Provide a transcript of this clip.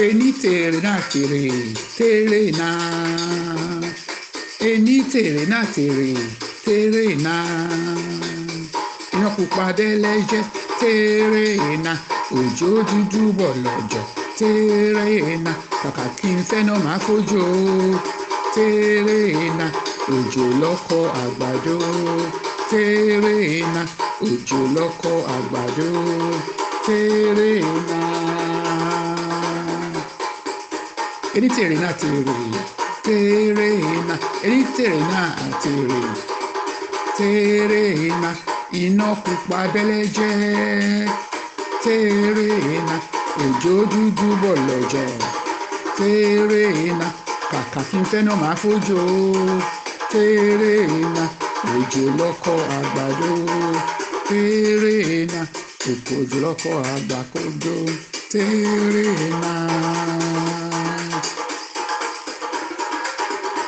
Eni tèrè náà tèrè tèrè náà eni tèrè náà tèrè tèrè náà iná pupa dẹ́lẹ́jẹ́ tèrè náà òjò dúdú bọ̀ lọ́jọ́ tèrè náà kàkà kí n fẹ́ náà máa fojú tèrè náà òjò lọ́kọ àgbàdo tèrè náà òjò lọ́kọ àgbàdo tèrè náà. ẹni tèrè náà tèrè tèrè iná ẹni tèrè náà tèrè tèrè iná iná pupa abẹ́lẹ́ jẹ́ tèrè iná òjò dúdú bọ̀ lọ́jọ́ tèrè iná kàkà kí n fẹ́ máa fojú tèrè iná òjò lọ́kọ̀ àgbàdo tèrè iná òkòjò lọ́kọ̀ àgbàkodo tèrè iná.